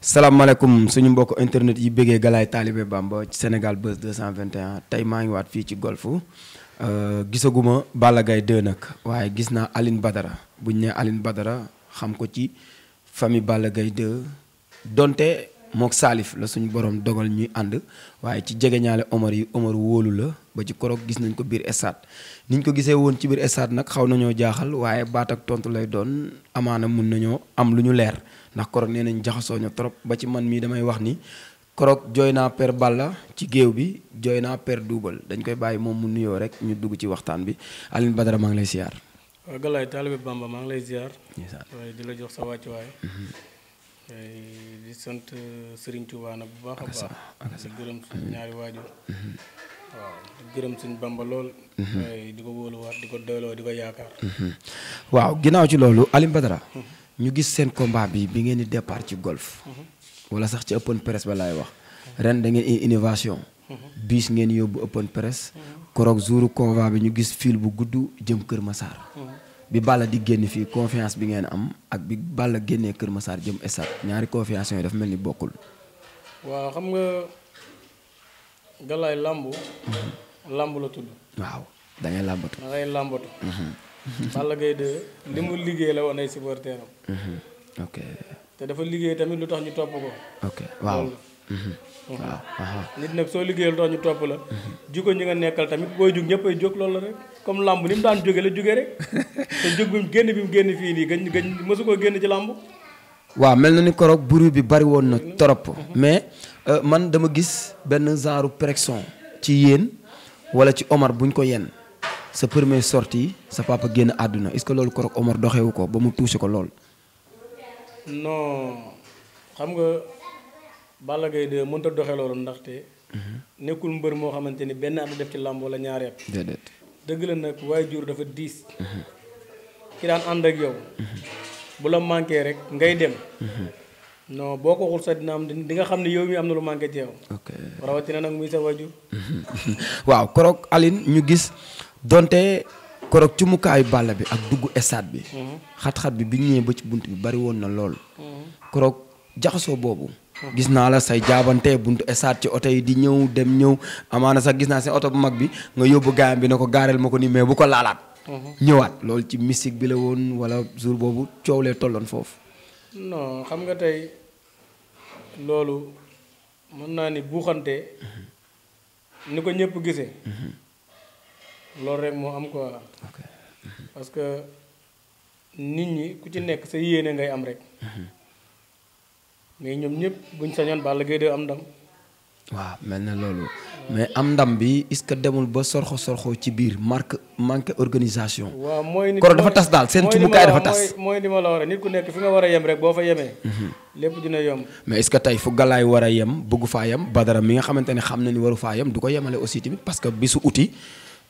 salaamaaleykum suñu mbokk internet yi bëggee Galaye Talibé Bamba ci Sénégal Buzz 221 tey maa ngi waat fii ci golf euh, gisaguma Balla Gaye 2 nag waaye gis naa Aline Badara bu ñu nee Aline Badara xam ko ci famille Balla Gaye 2 donte mook saalif la suñu borom dogal ñuy ànd waaye ci jege jegeñaale Omar yi Omar wóolu la ba ci koroog gis nañ ko biir stade niñ ko gisee woon ci biir stade nag xaw nañoo jaaxal waaye baat ak tontu lay doon amaana mun nañoo am lu ñu leer. ndax koroog nee nañ jaxasoo ñu trop ba ci man mii damay wax ni koroog jooy naa per Balla ci géew bi jooy naa per duubal dañ koy bàyyi moom mu nuyoo rek ñu dugg ci waxtaan bi alin Badara maa ngi lay siyaar. waaw Bamba maa ngi lay ziar. di la jox sa wàccuwaay. Mhm. di sant uh, Serigne Touba bu baax a baax. Mhm. ñaari waajur. Mhm. waaw di lool. di ko wóoluwaat di ko doyloo di ko yaakaar. waaw ginnaaw ci loolu Alioune Badara. ñu gis seen combat bi bi ngeen di départ ci golf wala sax ci open press ba laay wax ren da ngeen innovation biis ngeen yóbbu open press koroog jouru combat bi ñu gis fil bu gudd jëm Kër masaar bi Balla di génn fii confiance bi ngeen am ak bi Balla génnee Kër Massar jëm esat ñaari confiance yooyu dafa mel ni bokkul waaw xam nga galaay làmb mm-hmm. làmb la tudd waaw da làmbatu Balla Gaye 2 li mu liggéey la woon ay supporteram mhm. ok te dafa liggéey tamit lu tax ñu topp ko ok waaw mhm. Mhm. waaw nit nag soo liggéeyal doo ñu topp la. jikko ñi nga nekkal tamit booy jug ñëpp ay jóg loolu la rek comme làmb ni mu daan jóge la jóge rek te jóg bi mu génn bi mu génn fii nii gañ gañ mësu koo génn ci làmb. waaw mel na ni korog bruit bi bari woon na trop. mais euh, man dama gis benn genre pression ci yéen wala ci Omar buñ ko yenn sa première sortie sa papa génn àdduna est-ce que loolu Korok Omar doxewu ko ba mu touché ko lool. non xam nga Balla Gaye de mënut a loolu ndaxte. nekkul mbër moo xamante ni benn at def ci làmb wala ñaari dëgg la nag waajur dafa diis. Mhm. ki daan ànd ak yow. Mhm. bu la manqué rek ngay dem. Mhm. noo boo ko waxul sax dina am di nga xam ne yow mi am na lu manqué ci rawatina nag muy sa waajur. waaw Korok Aline ñu gis. donte korog ci mukaayu bàll bi ak dugg stade bi. Mhm. xat-xat bi bi ñëwee ba ci bunt bi bari woon na lool. Mhm. korog jaxasoo boobu. Mhm. gis naa la say jaabante bunt esaat ci oto yi di ñëw dem ñëw amaana sax gis naa si oto bu mag bi nga yóbbu gaayam bi ne ko gaareel ma ko nii mais bu ko laalaat. ñëwaat loolu ci mystique bi la woon wala jour boobu coow lee tolloon foofu. non xam nga tey loolu mën naa ni buuxante ni ko ñëpp gisee. loolu rek moo am quoi parce que nit ñi ku ci nekk sa yéene ngay am rek mhm. mais ñoom ñëpp buñ sañoon Balla Gaye de am ndam waaw mel na loolu mais am ndam bi est-ce que demul ba sorxo sorxo ci biir marque manque organisation waaw mooy ni kon dafa tas daal seen cumukaay dafa tas mooy li ma la war a nit ku nekk fi nga war a yem rek boo fa yemee mhm. lépp dina yomb mais est-ce que tey fu galaay war a yem bëgg faa yem badara mi nga xamante ne xam na ni waru faa yem du ko yemale aussi tamit parce que bisu uti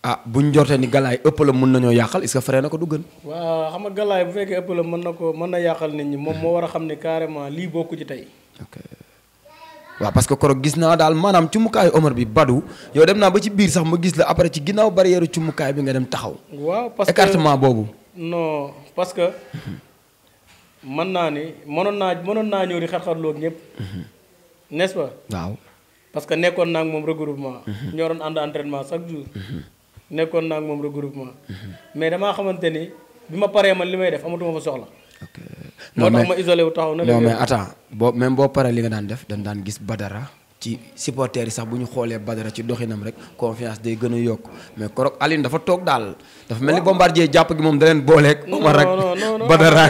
ah buñ jortee ni galaay ëpp la mun nañoo yàqal est que fare na ko du gën waaw xam nga galaay bu fekkee ëpp la mën na ko mën na yàqal nit ñi moom moo war a xam ne carrément lii bokku ci tey waaw parce que korog gis naa daal maanaam cumukaayu Omar bi badu yow dem naa ba ci biir sax ma gis la après ci ginnaaw barrière cumukaay bi nga dem taxaw waaw parce que écartement boobu non parce que mën naa ni mënoon naa mënoon naa ñëw di xar-xarloo ak ñëpp mhm. n'est-ce waaw parce que nekkoon naa moom regroupement mhm. ñoo doon ànd entraînement chaque jour mhm. nekkoon naa ak moom regroupement. mais damaa xamante ni bi ma paree ma li may def amatuma fa soxla. ok non mais moo tax ma isolé wu taxaw na. non mais attends boo même boo paree li nga daan def dañ daan gis Badara. ci supporters yi sax bu ñu xoolee Badara ci doxinam rek confiance day gën a yokk mais korok Aline dafa toog daal dafa mel ni bombardier jàpp gi moom da leen booleeg. Omar rek Badara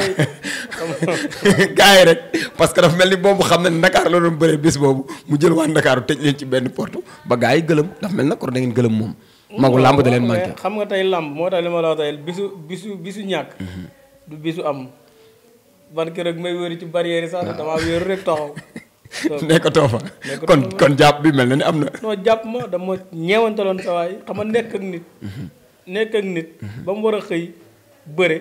gars yi rek. parce que dafa mel ni boobu xam na ne Ndakaar la doon bëree boobu mu jël waa Ndakaaru tëj leen ci benn porte ba gars yi gëlëm dafa mel na korok da ngeen gëlëm moom. magu làmb da leen manqué. xam nga tey làmb moo tax li ma la wax tey bisu bisu bisu ñàkk. Mhm. du bisu am. ban keroog may wëri ci barrière yi sax damaa wéeru rek nekk nekkatoo fa kon kon jàpp bi mel na ni am na. non jàpp ma dama ñeewantaloon sa waay xam nekk ak nit. Mhm. nekk ak nit. Mhm. ba mu war a xëy bëre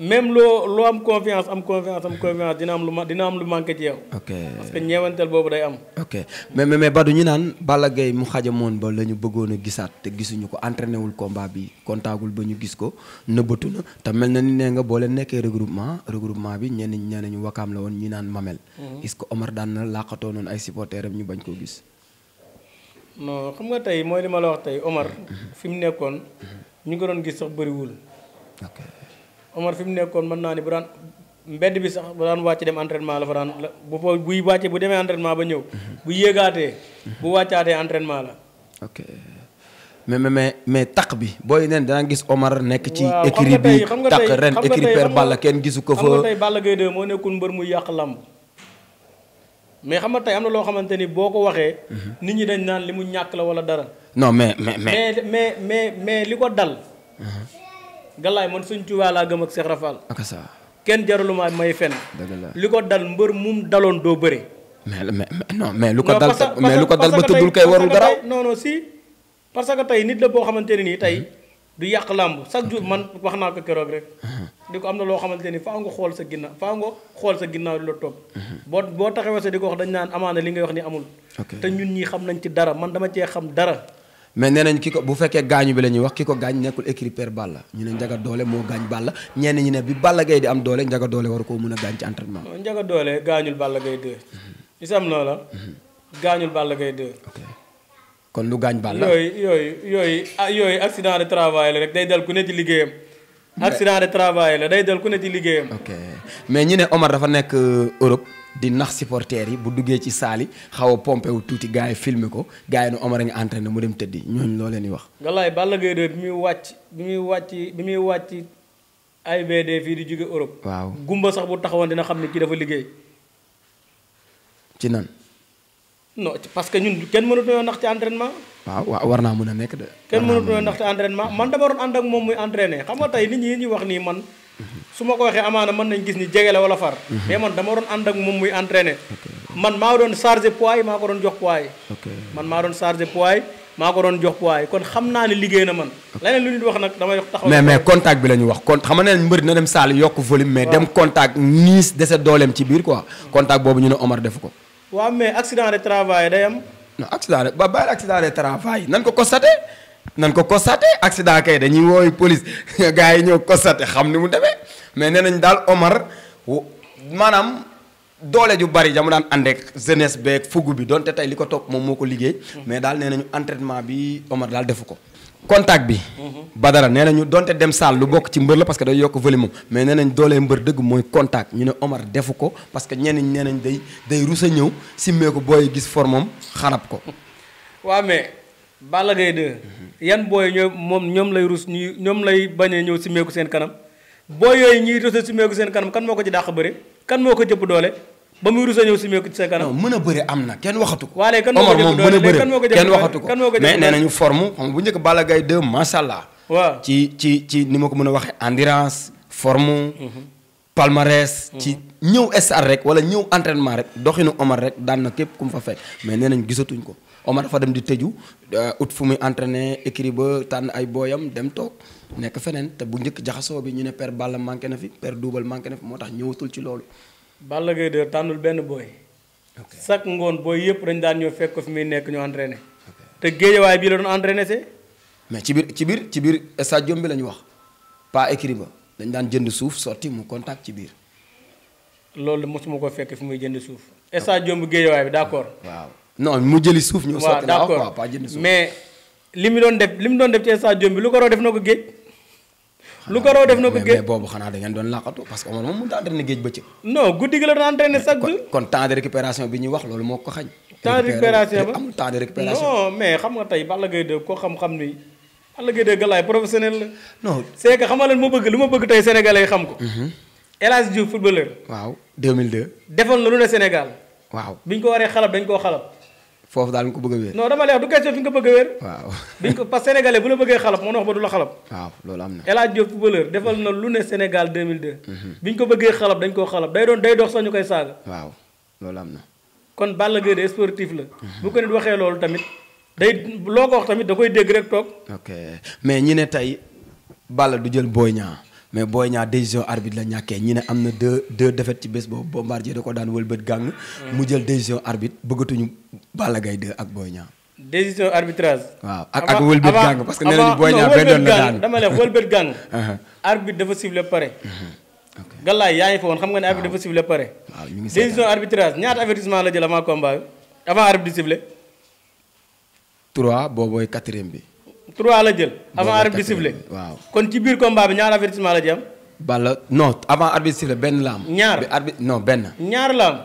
même loo loo am confiance am confiance am confiance dina am lu ma dina am lu manqué ci yow. ok parce que ñeewanteel boobu day am. ok mais mais mais ñu naan Balla Gaye mu xajamoon ba la ñu bëggoon a gisaat te gisuñu ko entraîné wul combat bi kontaagul ba ñu gis ko nëbbatu na te mel na ni nee nga boo leen nekkee regroupement regroupement bi ñenn ñu nee nañu wakaam la woon ñi naan mamel. Mhm. est ko que Omar daan na làqatoo noonu ay supporters am ñu bañ koo gis. xam nga tey mooy li ma la wax tey Omar mhm. fi mu nekkoon ñu ko doon gis bëriwul. Omar fi mu nekkoon mën naa ni bu daan mbedd bi sax bu daan wàcc dem entraînement la fa daan bu fa buy wàcce bu demee entraînement ba ñëw. Mhm. bu yéegaatee. bu wàccaatee entrainement la. ok mais mais mais taq bi booy neen dana gis Omar nekk ci. écurie bi taq ren écurie Père kenn gisu ko fa. xam nga tey moo nekkul mbër muy yàq làmb mais xam nga tey am na loo xamante ni boo ko waxee. Mhm. nit ñi dañ naan li mu ñàkk la wala dara. non mais mais mais mais mais mais li ko dal. Mhm. gallaay man suñ Tuubaa laa gëm ak Cheikh Rafal. ak sa kenn jaruluma may fenn. dëgg la li ko dal mbër mum daloon doo bëre. mais lu ko dal. mais lu ko dal ba tuddul kay warul dara non non si. parce que tey nit la boo xamante ne nii tey mhm. du yàq làmb chaque jour man wax naa ko keroog rek. Mhm. di ko am na loo xamante ni faa nga xool sa ginnaaw faa nga xool sa ginnaaw di la mhm. boo boo taxawee sa di ko wax dañ naan amaana li ngay wax ni amul. te ñun ñii xam nañ ci dara man dama cee xam dara. mais nee nañ ki ko bu fekkee gaañu bi la wax ki ko gaañ nekkul écrit per Balla ñu ne Njaga Doole moo gaañ Balla ñenn ñi ne bi Balla Gaye di am doole Njaga Doole war koo mën a gaañ ci entraînement. Njaga Doole gaañul Balla Gaye 2. isam la gaañul Balla Gaye 2. kon lu gaañ Balla. yooyu yooyu yooyu ah, yooyu accident de travail la day dal ku ne ci liggéeyam. accident de travail la day dal ku ne ci liggéeyam. mais ñu ne Omar dafa nekk euh, Europe. di nax supporters yi bu duggee ci saali xaw a pompé wu tuuti gars yi filmé ko gars yi nu Omar a ngi entraîné mu dem tëddi ñooñu loo leen di wax. Galaye Balla Gaye de bi muy wàcc bi muy wàcc bi muy wàcc AIBD fii di jóge Europe. waaw gumba sax bu taxawan dina xam ne kii dafa liggéey. ci nan. non parce que ñun kenn mënatuñoo nax ci entraînement. waaw waaw war naa mën a nekk de. kenn mënatuñoo nax ci entraînement man dama doon ànd ak moom muy entraîné xam nga tey nit ñi ñuy wax nii man. su ma ko waxee amaana man nañ gis ni jege la wala far mhm. mais man dama doon ànd ak moom muy entraîner man maa doon chargé poids maa ko doon jox poids yi man maa doon chargé poids maa ko doon jox poids kon xam naa ne liggéey na man neen lu nit wax nag dama taxaw mais mais contact bi la ñu wax kon xam nga ne mbëri na dem saal yokk volume mais dem contact niis dese dooleem ci biir quoi contact boobu ñu ne Omar def ko waaw mais accident de travail day am non accident de ba bàyyi accident de travail nan ko constaté nan ko constaté accident kay dañuy wooyu police gars yi ñëw constaté xam ni mu demee mais nee nañ daal Omar maanaam doole ju bari jamu daan ànd ak jeunesse beek fugu bi donte tey li ko topp moom moo ko liggéey. Mm-hmm. mais daal nee nañu entraînement bi Omar daal defu ko. contact bi. Mm-hmm. Badara nee nañu donte dem saal lu bokk ci mbër la parce que day yokk volume moom mais nee nañ doolee mbër dëgg mooy contact ñu ne Omar defu ko parce que ñenn ñi nee nañ day day rusa ñëw simmee ko booy gis formam xarab ko. Balla Gaye 2 mhm. yan booy ñoo moom ñoom lay rus ñu ñoom lay bañee ñëw simmeeku seen kanam booy yooyu ñuy rusa simeeku seen kanam kan moo ko ci dàq bëre kan moo ko jëpp doole ba muy rusa ñëw simeeku ci seen kanam mën a bëre am na kenn waxatu ko waale kan Omar moom mën a bëre kenn waxatu ko mais nee nañu forme xam bu njëkk Balla Gaye 2 macha allah waaw ci ci ci ni ma ko mën a waxee endurance forme mhm. palmarès mhm. ci ñëw star rek wala ñëw entraînement rek doxinu Omar rek daan na képp ku mu fa fekk mais nee nañ gisatuñ ko Omar dafa dem di tëju euh, ut fu muy entrene écrit ba tànn ay booyam dem toog nekk feneen te bu njëkk jaxasoo bi ñu ne père Balla manqué na fi père Double manqué na fi moo tax ñëwatul ci loolu. Balla Gaye de tànnul benn booy. chaque ngoon booy yëpp dañ daan ñëw fekk ko fi muy nekk ñu entraîné. te géejawaay bii la doon entraîné see. mais ci biir ci biir ci biir stadium bi la ñu wax pas écrit ba dañ daan jënd suuf sorti mu contact ci biir. loolu mosuma ko fekk fi muy jënd suuf. stadium bu géejawaay bi d' accord waaw. non mu jëli suuf ñu. sotti la waaw pas jëndi suuf mais li mu doon def li mu doon def ci stade bi lu ko raw def na ko géej. lu ko raw def na ko géej boobu xanaa da ngeen doon laqatu parce que Omar moom mënut a entraîné géej bëccëg. non guddi gi la doon entraîné chaque kon temps bi ñu wax loolu moo ko xañ. temps de ba amul temps de récupération. mais xam nga tey Balla Gaye de koo xam-xam ni Balla Gaye de galaay professionnel la. non c'est que xamal leen ma bëgg lu ma bëgg tey sénégalais yi xam ko. Mhm. El Hadj Diouf footballeur. waaw 2002. defoon na lu waaw bi ko waree xalab dañ koo xalab foofu daal nga ko bëgg a wéer non dama lay wax du question fi nga ko bëgg a wéer waaw biñ ko parce que bu la bëggee xalab moo wax ba du la xalab waaw loolu am na El Hadj Diop footballeur defal na lu ne Sénégal 2002 mhm. biñ ko bëggee xalab dañ koo xalab day doon day dox sax koy saaga waaw loolu am na kon Balla Gaye de sportif la mhm. bu ko nit waxee loolu tamit day loo ko wax tamit da koy dégg rek toog ok mais ñi ne tey Balla du jël Boy Niang mais Boy Niang décision arbitre la ñàkkee ñi ne am na deux deux défaites ci bés boobu Bombardier da ko daan wëlbët gàng. mu jël décision arbitre bëggatuñu Balla Gaye 2 ak Boy Niang. décision ak ak wëlbët parce que nee nañu la dama ne wëlbët gàng. Uh-huh. arbitre dafa sifflé pare. Uh-huh. ok yaa ngi fa woon nga ne arbitre dafa sifflé pare. waaw ñu ngi décision arbitrage la jël avant combat bi avant arbitre di sifflé. 3 boobooy quatrième bi. trois la jël. avant arbitre waaw. kon ci biir combat bi ñaar avertissement la ci am. Balla non avant arbitre sifflé benn la am. ñaar arbitre non benn. ñaar la am.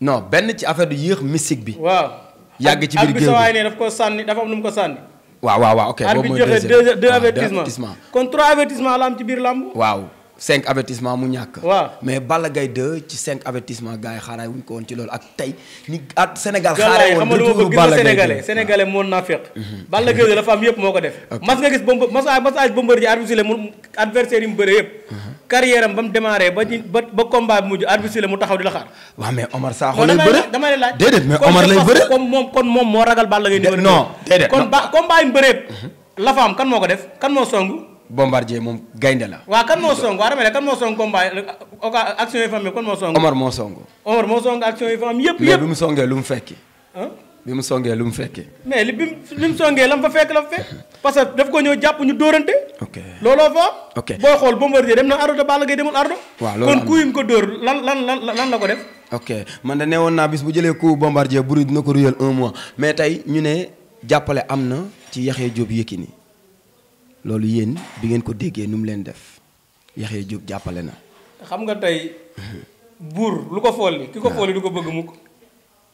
non benn ci affaire du yéex mystique bi. waaw yàgg ci biir géew bi sa waay ne daf ko sànni dafa am lu mu ko sànni. waaw waaw waaw ok boobu mooy deuxième deux deux ah, kon trois avertissement la am ci biir lamb. waaw. cinq avertissement mu ñàkk. waaw mais ball Gaye 2 ci cinq avertissement gars yi xaaraay wuñ ko woon ci loolu ak tey ni at Sénégal. xaaraay woon retour mhm. Balla Gaye sénégalais sénégalais moo naafeq. Balla Gaye dafa am yëpp moo ko def. mas nga gis bomba masa massage Bombardier arbitre la mu adversaire yi mu bëre yëpp. Mhm. carrière ba mu démarré ba ñu ba mujj arbitre mu taxaw di la xaar. waaw mais Omar Sakho lay bëre dama lay laaj déedéet mais Omar lay bëre kon moom moo ragal Balla Gaye. non kon ba combat mhm. la am kan moo ko def kan moo song Bombardier moom gaynde la. waa kan moo song waaw damay kan moo song combat kan moo song. Omar moo song. Omar action yi fa am yëpp yëpp. mais bi lu mu fekki. mu songee lu mu fekki. mais li bi mu songee la mu fa fekk parce que daf ko ñëw jàpp ñu dóorante. ok looloo fa boo xool Bombardier dem na Ardo te Balla Gaye demul Ardo. waaw loolu kon kuyim ko lan lan lan lan ko def. ok man ne woon naa bis bu jëlee coup Bombardier buri ko ruyal un tey ñu ne jàppale am na ci Yaxya Jóob Yékini loolu yéen bi ngeen ko déggee nu mu leen def yaxe Jóob jàppale na. xam nga tey buur lu ko folli ki ko ah. folli du ko bëgg mukk.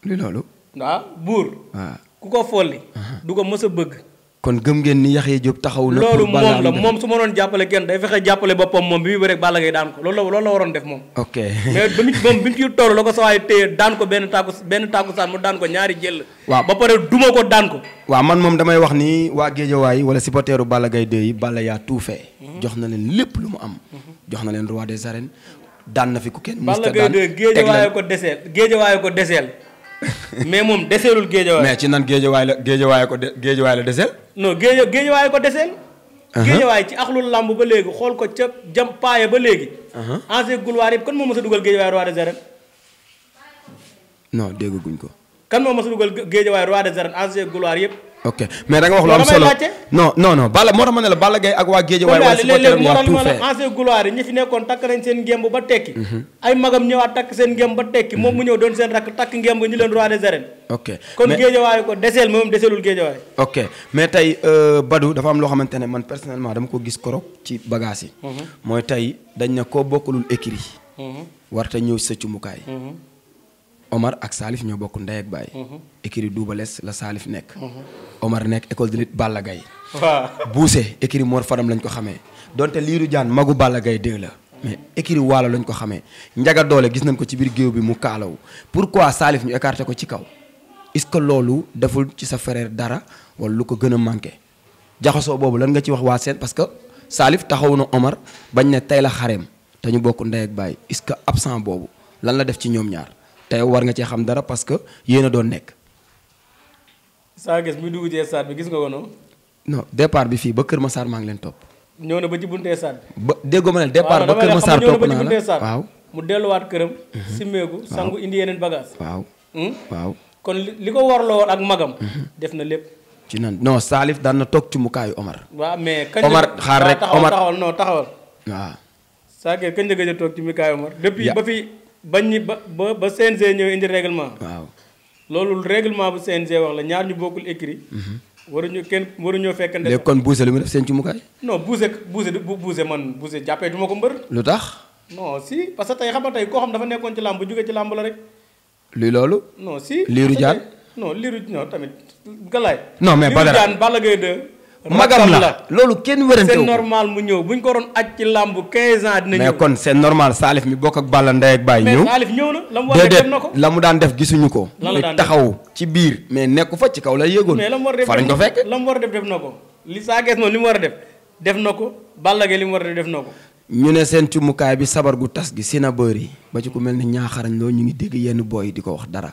li loolu. waaw ah, buur. waaw ah. ku ko folli. du ko mës a bëgg. kon gëm ngeen ni Yaxya Jóob taxaw na. loolu moom la moom su ma doon jàppale kenn day fexe jàppale boppam moom bi muy bëre Balla Gaye daan ko loolu la loolu la waroon def moom. ok mais ba mu moom bi la ko sa waay daan ko benn taaku benn taakusaan mu daan ko ñaari jël. waaw ba pare duma ko daan ko. waaw man moom damay wax nii waa Géejawaay wala supporteru Balla gay de yi Balla yaa tuufee. Mhm. jox na leen lépp lu mu am. Mhm. jox na leen roi des arènes daan na fi ku kenn. Balla Gaye de Géejawaay ko deseel Géejawaay ko deseel mais moom deseelul géejawaay. mais ci nan géejawaay la géejawaay ko de géejawaay la deseel. non géej géejawaay ko deseel. Uh-huh. géejawaay ci axlul làmb ba léegi xool ko ca jam paaya ba léegi. Uh-huh. ancien gulwaar yëpp kan moo mës a dugal géejawaay roi des arènes. non dégguñ ko. kan moo mës a dugal géejawaay roi des arènes ancien gulwaar yëpp. ok mais da nga wax lu am solo non non non Balla moo tax ma ne la Balla Gaye ak waa Géejawaay waa supporter am waa moo fait ancien gloire yi ñi fi nekkoon takk nañ seen ngemb ba tekki mhm. ay magam ñëwaat takk seen ngemb ba tekki moom mu ñëw doon seen rakk takk ngemb ñu leen roi des arènes ok kon Géejawaay ko deseel moom deseelul Géejawaay ok mais tey euh, Badou dafa am loo xamante ne man personnellement dama ko gis korok ci bagage yi mhm. mooy tey dañ ne koo bokkulul écrit mhm. warte ñëw sa cumukaay Omar ak Salif ñoo bokk ndey ak baay. Mhm. écurie Double Less la Salif nekk. Mhm. Omar nekk école de lutte Balla Gaye. waaw Bousse écurie Mor Fadam lañ ko xamee donte Lirou Diane magu Balla Gaye 2 la. mais écurie Waalo lañ ko xamee njaga doole gis nañ ko ci biir géew bi mu kaalawu pourquoi Salif ñu écarté ko ci kaw est-ce que loolu deful ci sa frère dara wala lu ko gën a jaxasoo boobu lan nga ci wax waa seen parce que taxawu na Omar bañ ne tey la xareem te ñu bokk tey war nga cee xam dara parce que yéen a doon nekk. saa gis muy dugg ci stade bi gis nga ko noonu. non départ bi fii ba Kër ma Massar maa ngi leen topp. ñëw na ba ci bunte stade bi. ba déggoo ma ne départ ba Kër Massar topp naa mu delluwaat këram. Mhm. simmeeku sangu yeneen bagage waaw hmm? waaw. kon li ko warloo woon ak magam. Mhm. def na lépp. ci nan no Salif daan na toog ci mukaayu Omar. waa mais kañ Omar xaar rek Omar taxawal taxawal taxawal. waaw. saa kër kañ la a toog ci mukaayu Omar. depuis ba fi. bañ ñi ba ba ba CNG ñëw indi règlement. waaw loolu règlement bu CNG wax la ñaar ñu bokkul écrit. Mhm. waruñu kenn waruñoo fekk. ndel léegi kon buuse lu mu def seen cumukaay. non buuse buuse bu buuse man buuse jàppee du ma ko mbër. lu tax. no si parce que tey xam nga tey koo xam dafa nekkoon ci làmb bu jógee ci làmb la rek. luy loolu. no si liiru jaan no liiru ñoo tamit galaay. non mais Balla Gaye magam la loolu kenn wérante c'est normal mu ñëw bu ñu ko doon aj ci làmb 15 ans dina ñëw mais kon c'est normal Salif mi bokk ak Balla ndey ak Baye ñëw mais Salif ñëw a def na ko la mu daan def gisuñu ko taxaw ci biir mais nekku fa ci kaw la yéegoon mais la mu war a def fa lañ ko fekk la mu war a def na ko li saa gees moom mu war a def def na ko Balla Gaye li mu war def def ñu ne seen cumukaay bi sabar gu tas gi si na bëri ba ci ku mel ni ñaaxarañ loolu ñu ngi dégg yenn booy di ko wax dara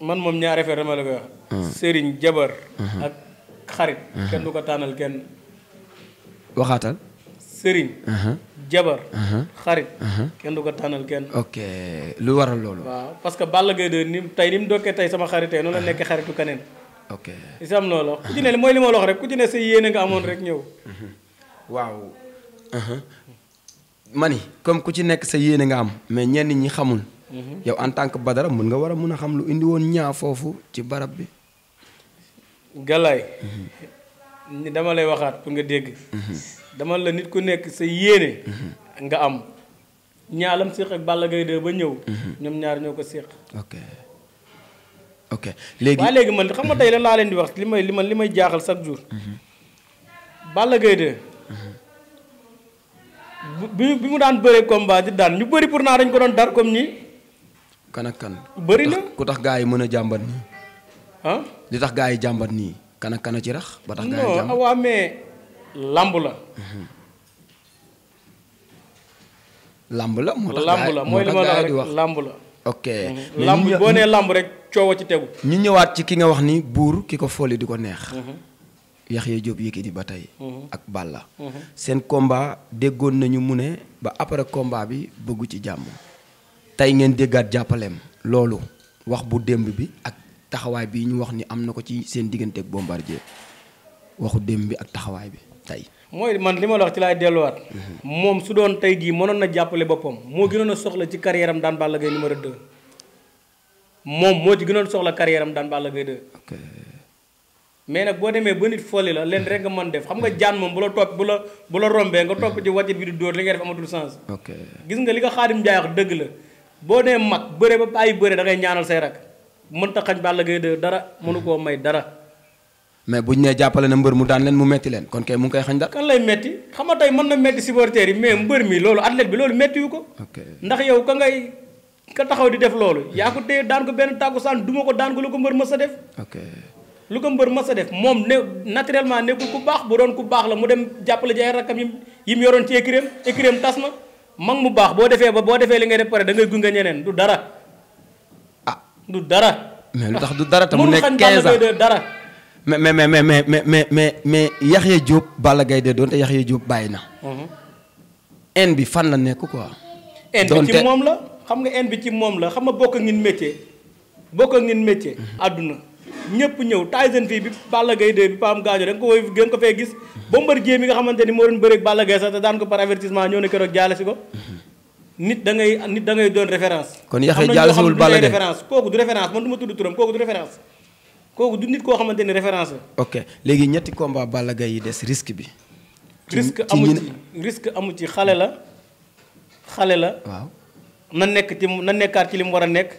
man moom ñaar affaire dama la koy wax hmm. sëriñ jabar hmm. xarit. kenn du ko tànnal kenn. waxaatal. sëriñ. jabar. xarit. kenn du ko tànnal kenn. ok lu waral loolu. waaw parce que Balla Gaye de ni tey ni mu dokkee tey sama xaritee noonu la nekk xaritu keneen. ok isam loolu ku ci li ma wax rek ku ci ne sa yéene nga amoon rek ñëw. waaw. ma ni comme ku ci nekk sa yéene nga am. mais ñenn ñi xamul. Mhm. yow en tant que Badara mën nga war a mun a xam lu indi woon ñaa foofu ci barab bi. Galaay ni dama lay waxaat pour nga dégg. dama la nit ku nekk sa yéene. nga am ñaalam séq ak Balla Gaye 2 ba ñëw. ñoom ñaar ñoo ko séq. ok ok léegi waaye léegi man xam nga tey la laa leen di wax li may li man li may jaaxal chaque jour. Balla Gaye 2. bi bi mu daan bëree combat di daan ñu bëri pour naa dañ ko doon dar comme nii. kan ak kan. bëri na ku tax gaa yi mën a jàmbat nii. ah li tax gaa yi jàmbat nii kan ak kan ci rax ba tax gaa yi jàmbat làmb la mhm. làmb la moo tax làmb la mooy wax làmb la ok mhm. làmb boo nee làmb rek coow ci tegu ñu ñëwaat ci ki nga wax ni buur ki ko fooli di ko neex mhm. Yaxya Jóob Yékini ba tey ak Balla seen combat déggoon nañu mu ne ba après combat bi bëggu ci jàmm tey ngeen déggaat jàppaleem loolu wax bu démb bi ak taxawaay bi ñu wax ni am na ko ci seen diggante ak bombardier waxu démb bi ak taxawaay bi tey. mooy man li ma la wax ci laay delluwaat. Mhm. moom su doon tey gii mënoon na jàppale boppam moo gënoon a soxla ci carrière am daan Balla Gaye numéro dë moom moo ci gënoon soxla carrière am daan Balla Gaye 2. mais nag boo demee ba nit fooli la leen rek nga mën def xam nga jaan moom bu la topp bu la bu la rombee nga topp ci wàccit bi di dóor li ngay def amatul sens. gis nga li ko Xaadim Njaay wax dëgg la boo nee mag bëre ba ay bëre da say rak. mënta xañ Balla Gaye de dara mënu koo may dara. mais buñ nee jàppale na mbër mu daan leen mu metti leen kon kay mu ngi koy xañ dara. kan lay metti xam nga tey mën na metti supporters yi mais mbër mi loolu athlète bi loolu méttiwu ko. ndax yow ka ngay ka taxaw di def loolu. yaa ko dee daan ko benn tàkkusaan duma ko daan ko lu ko mbër ma sa def. lu ko mbër mas a def moom ne naturellement nekkul ku baax bu doon ku baax la mu dem jàppale ji ay rakkam yi yi mu yoroon ci écurie-am écurie-am mu baax boo defee ba boo defee li ngay def pare da ngay gunge ñeneen du dara du dara. mais lu tax du dara te mu nekk 15 ans dara. mais mais mais mais mais mais mais mais Yaxya Diop Balla Gaye de doonte Yaxya Diop bàyyi na. Mhm. haine bi fan la nekk quoi. doonte haine bi ci moom la xam nga haine bi ci moom la xam nga bokk ngeen métier bokk ngeen métier. Mhm. àdduna ñëpp ñëw Tyson fii bi Balla Gaye de bi Pam Gaajo da nga ko ko fee gis. Mhm. Bombardier mi nga xamante ni moo doon bëreeg Balla Gaye sax te daan ko par avertissement ñoo na keroog jaale si ko. nit da ngay nit da ngay doon référence. kon yaxee jaalusiwul Balla de référence kooku du référence man du ma tudd turam kooku du référence. kooku du nit koo xamante ne référence la. ok léegi ñetti combat Balla gay yi des risque bi. risque amu ci risque amu ci xale la xale la. waaw na nekk ci na nekkaat ci li mu war a nekk.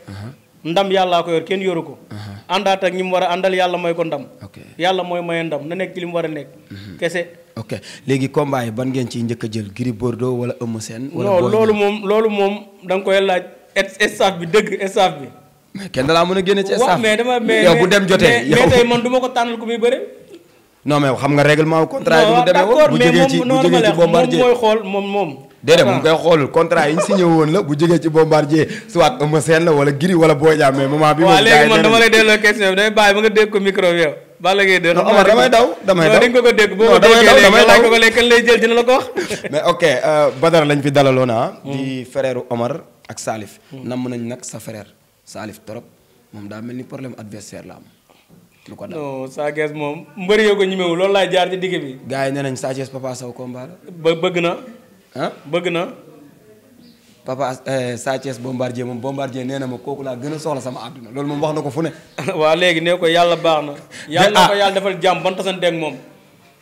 ndam yàllaa ko yor kenn yoru ko àndaat ak ñi mu war a àndal yàlla mooy ko ndam yàlla mooy maye ndam na nekk ci li mu war a nekk mhm. kese ok léegi combat ban ngeen ci njëkk a jël Gris Bordeaux wala Eumeu seen non loolu moom loolu moom da nga koy laaj staff bi dëgg staff bi mais kenn dalaa mën a génne ci staff mais dama mais yow bu dem jotee mais tey man du ma ko tànnal ku muy bëre non mais xam nga règlement contrat bi mu demee woon bu jógee ci bu jógee ci bombardier moom moom moom déedéet mu ngi koy xoolul contrat yi ñu signé la bu jógee ci bombardier soit Eumeu la wala Gris wala Boy Niang mais moment bi waaw léegi man dama lay delloo question bi damay bàyyi ba nga dégg ko micro yow Balla Gaye lañ fi dalaloon ah hmm. di frère Omar ak Salif nam nañ nag sa frère Salif trop moom daa mel ni problème adversaire la am lu ko dal non Sa Thiès moom mbëri yoo ko ñimewu loolu laay jaar ci digg bi gars nee nañ Sa Thiès Papa Sow combat la bëgg na ah bëgg na. papa eh, Sa Thiès Bombardier moom Bombardier nee na ma kooku laa gën a soxla sama àdduna loolu moom wax na ko fu ne. waa léegi nee ko yàlla baax na. yàlla na ah. ko yàlla defal jàmm ban tasanteeg moom.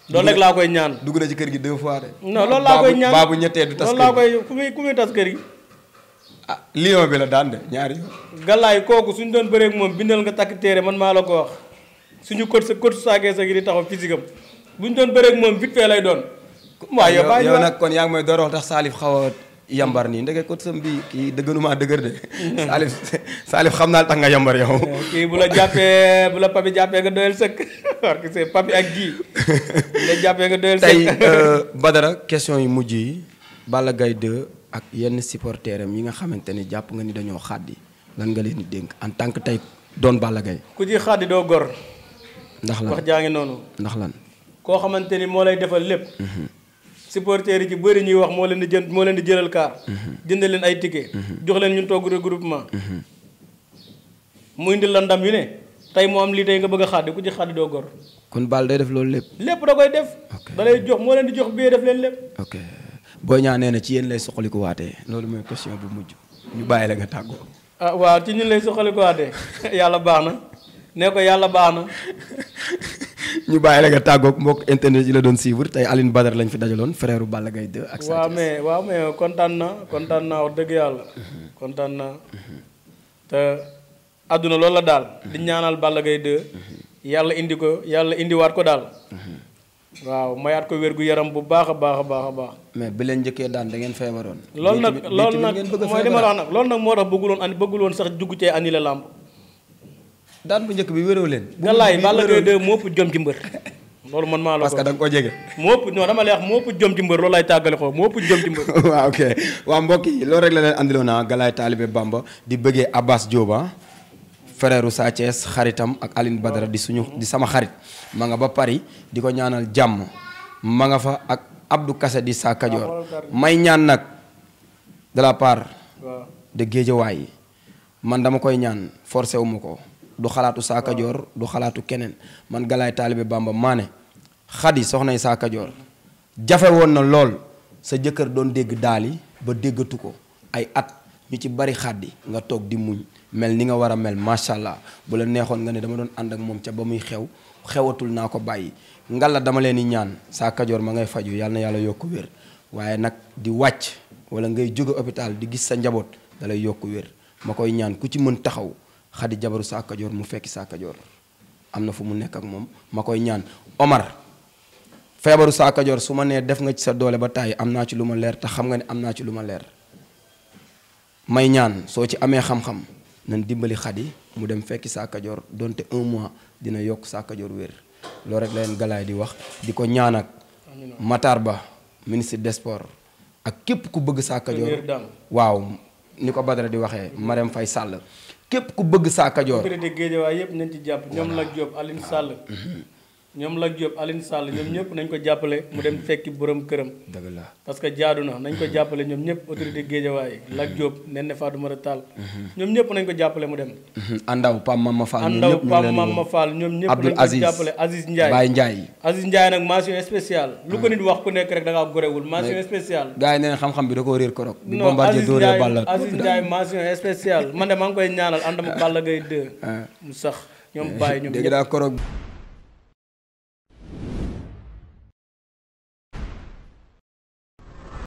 loolu rek laa koy ñaan. dugg na ci kër gi deux fois de. non loolu laa koy ñaan baabu ñettee du tas kër gi kër gi. ah lion bi la daan de ñaari yoon. galaay kooku suñu doon bëreeg moom bindal nga takk téere man maa la ko wax suñu kër sa kër saagee sa gi di taxaw physique bu ñu doon bëreeg moom vite lay doon waaw yow bàyyi yow nag kon yaa ngi may door tax Salif xaw a yambar nii ndeke ko sam bi kii dëgganuma dëgër de Salif Salif xam naa tax nga yambar yow kii bu la jàppee bu la papi jàppee nga doyal sëkk jàppee nga doyal sëkk tey euh, Badara question yu mujj yi Balla Gaye 2 ak yenn supporters yi nga xamante ni jàpp nga ni dañoo xàddi lan nga leen dénk en tant que tey doon Balla Gaye ku ci xàddi doo gor ndax lan wax jaa noonu ndax lan koo xamante ni moo lay defal lépp mhm. supporters yi ci bëri ñuy wax moo leen di jënd moo leen di jëlal kaar mhm. jënd leen ay ticket mhm. jox leen ñun togg regroupement mhm. mu indi la ndam yu ne tey moo am lii tey nga bëgg a xàddi ku ci xàddi doo gor kon Balla day def loolu lépp lépp da koy def da lay jox moo leen di jox biyee def leen lépp ok Boy Niang nee na ci yéen lay soxali ko waatee loolu mooy question bu mujj ñu bàyyi la nga tàggoo ah waaw ci ñun lay soxali yàlla baax na ne ko yàlla baax na ñu bàyyi la nga tàggook mbokk internet yi la doon suivre tey Alioune Badara lañ fi dajaloon frère Balla Gaye 2 ak. waaw mais waaw mais kontaan na kontaan naa wax dëgg yàlla. kontaan naa te àdduna loolu la daal. di ñaanal Balla gay 2. yàlla indi ko yàlla indiwaat ko daal. waaw mayaat ko wér gu yaram bu baax a baax a baax a baax. mais bi leen njëkkee daan da ngeen feebaroon. loolu nag loolu nag mooy li ma la wax nag loolu nag moo tax bëgguloon an bëgguloon daan bu njëkk bi wéréw leen. nga laay Balla Gaye moo ëpp jom ci mbër. loolu man maa la parce que da nga koo jege. moo ëpp non dama lay jom ci mbër loolu laay tàggale ko moo ëpp jom ci mbër. waaw ok waaw mbokk yi loolu rek la leen andiloon naa Galaye Talibé Bamba di bëggee Abbas Dioba frère Sa Thiès xaritam ak Aline Badara di suñu di sama xarit ma nga ba Paris di ko ñaanal jàmm ma nga fa ak abdu Kassé di Sa Kajoor ah, may ñaan nag de la part de Guédiawaye man dama koy ñaan forcé wu ko. du xalaatu saa kajoor du xalaatu keneen man galaay taalibe bamba maa ne xadi soxnay saa kajoor jafe woon na lool sa jëkkër doon dégg daal ba déggatu ko ay at ñu ci bari xaddi nga toog di muñ mel ni nga war a mel macha allah bu la neexoon nga ne dama doon ànd ak moom ca ba muy xew xewatul naa ko bàyyi ngalla dama leen di ñaan saa kajoor ma ngay faju yàlla na yàlla yokk wér waaye nag di wàcc wala ngay jóge hôpital di gis sa njaboot dalay yokk wér ma koy ñaan ku ci mën taxaw xadi jabaru saa mu fekki saa am na fu mu nekk ak moom ma koy ñaan Omar feebaru saakajoor su ma nee def nga ci sa doole ba tàyyi am naa ci lu ma leer te xam nga ne am naa ci lu ma leer may ñaan soo ci amee xam-xam nañ dimbali xaddi mu dem fekki saakajoor kajoor donte un mois dina yokk saa kajoor wér loolu rek la leen galaay di wax di ko ñaan ak Matar Ba ministre des ak képp ku bëgg saa waaw ni ko Badara di waxee Marème fay Sall képp ku bëgg saa kajoor. géejawaay yëpp nañ ci jàpp ñoom la Diop Alioune Sall. Mm-hmm. ñoom Lat Diop Alioune Sall ñoom ñëpp nañ ko jàppale mu dem fekki borom këram. dëgg la parce que jaadu na nañ ko jàppale ñoom ñëpp autorité Géejawaay Lat Diop Néné Fatoumata taal mm-hmm. ñoom ñëpp nañ ko jàppale mu dem. Andaw mm-hmm. Pam Mama Fall ñoom ñëpp Andaw Pam Mama Fall ñoom ñëpp nañ ko jàppale Aziz Ndiaye Baye Ndiaye. Aziz nag mention spéciale. lu ko mm-hmm. nit wax ku nekk rek da ngaa gorewul mention spéciale. gaa yi neen xam-xam bi da koo réer korok. bi Bombardier dóoree Balla Aziz Ndiaye mention spéciale man de maa ngi koy ñaanal àndam Balla Gaye 2 mu sax ñoom bàyyi ñoom dégg daa korok